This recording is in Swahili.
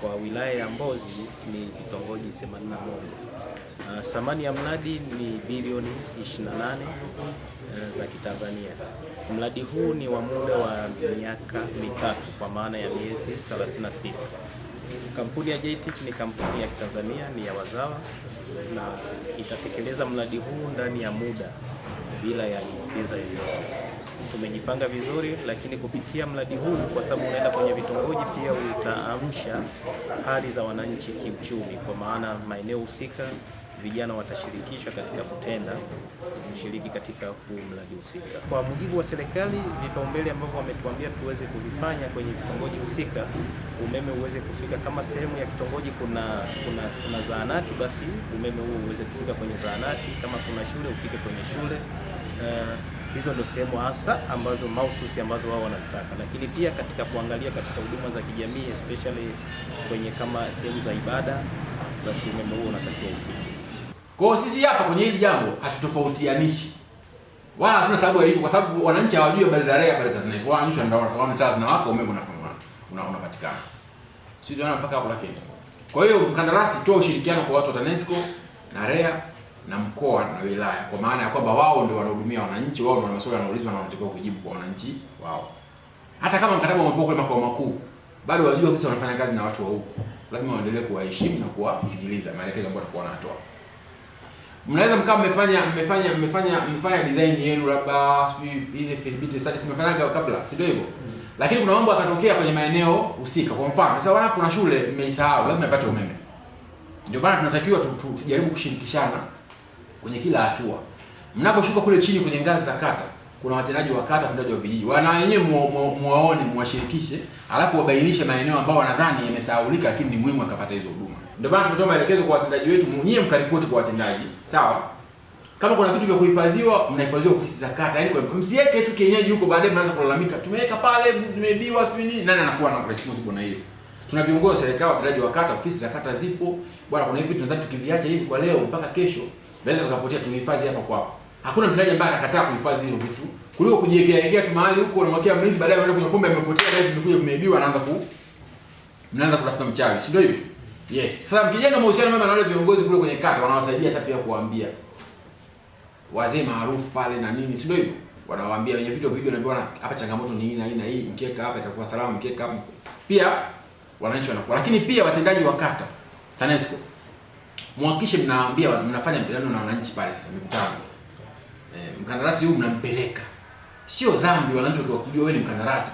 kwa wilaya ya Mbozi ni vitongoji 81. Ah, thamani ya mradi ni bilioni 28 eh, za Kitanzania. Mradi huu ni wa muda wa miaka mitatu kwa maana ya miezi 36. Kampuni ya JTIC ni kampuni ya Kitanzania, ni ya wazawa na itatekeleza mradi huu ndani ya muda bila ya nyongeza yoyote tumejipanga vizuri, lakini kupitia mradi huu, kwa sababu unaenda kwenye vitongoji, pia utaamsha hali za wananchi kiuchumi, kwa maana maeneo husika vijana watashirikishwa katika kutenda kushiriki katika huu mradi husika. Kwa mujibu wa serikali, vipaumbele ambavyo wametuambia tuweze kuvifanya kwenye vitongoji husika, umeme uweze kufika kama sehemu ya kitongoji kuna, kuna, kuna zahanati, basi umeme huo uweze kufika kwenye zahanati, kama kuna shule ufike kwenye shule uh, Hizo ndio sehemu hasa ambazo mahususi ambazo wao wanazitaka, lakini pia katika kuangalia katika huduma za kijamii especially kwenye kama sehemu za ibada, basi umeme huo unatakiwa ufike. Kwa hiyo sisi hapa kwenye hili jambo hatutofautianishi wala hatuna sababu ya hivyo, kwa sababu wananchi hawajui habari za REA, habari za TANESCO. Wananchi wanaona taa zinawaka, umeme unapatikana, sio mpaka hapo. Lakini kwa hiyo mkandarasi, toa ushirikiano kwa watu wa TANESCO na REA na mkoa na wilaya, kwa maana ya kwamba wao ndio wanahudumia wananchi, wao ndio maswali yanaulizwa na wanatakiwa kujibu kwa wananchi wao. Hata kama mkataba umepokwa kule makao makuu, bado wajua kisa wanafanya kazi na watu wa huko, lazima waendelee kuwaheshimu na kuwasikiliza maelekezo ambayo watakuwa wanatoa. Mnaweza mkawa mmefanya mmefanya mmefanya mmefanya design yenu, labda sijui hizi feasibility studies mmefanyaga kabla, si ndio hivyo? Mm. Lakini kuna mambo yakatokea kwenye maeneo husika. Kwa mfano sasa, wana kuna shule mmeisahau, lazima ipate umeme. Ndio maana tunatakiwa tujaribu kushirikishana kwenye kila hatua. Mnaposhuka kule chini kwenye ngazi za kata, kuna watendaji wa kata, watendaji wa vijiji, wana wenyewe muwaone, muwashirikishe, alafu wabainishe maeneo ambayo wanadhani yamesahaulika, lakini ni muhimu akapata hizo huduma. Ndio maana tunatoa maelekezo kwa watendaji wetu, mwenyewe mkaripoti kwa watendaji, sawa? Kama kuna vitu vya kuhifadhiwa, mnahifadhiwa ofisi za kata. Yaani kwa msiweke tu kienyeji huko, baadaye mnaanza kulalamika, tumeweka pale, tumebiwa, sio nini. Nani anakuwa na responsible na hiyo? Tuna viongozi wa serikali, watendaji wa kata, ofisi za kata zipo. Bwana, kuna hivi tunataka tukiviacha hivi kwa leo mpaka kesho Naweza tukapotea tuhifadhi hapa kwa hapa. Hakuna mtendaji ambaye atakataa kuhifadhi hiyo vitu. Kuliko kujiwekeaekea tu mahali huko unamwekea mlinzi baadaye unaenda kwenye pombe amepotea na vimekuja kumeibiwa anaanza ku mnaanza kutafuta mchawi. Si ndio hivyo? Yes. Sasa mkijenga mahusiano mema na wale viongozi kule kwenye kata wanawasaidia hata pia kuambia wazee maarufu pale na nini, si ndio hivyo? Wanawaambia wenye vitu wanaambia wanaambiwa hapa changamoto ni hii na hii na hii, mkiweka hapa itakuwa salama, mkiweka hapa. Pia wananchi wanakuwa. Lakini pia watendaji wa kata TANESCO mwakishe mnaambia mnafanya mikutano na wananchi pale, sasa mikutano eh, mkandarasi huyu mnampeleka. Sio dhambi wananchi wakiwakujua wewe ni mkandarasi.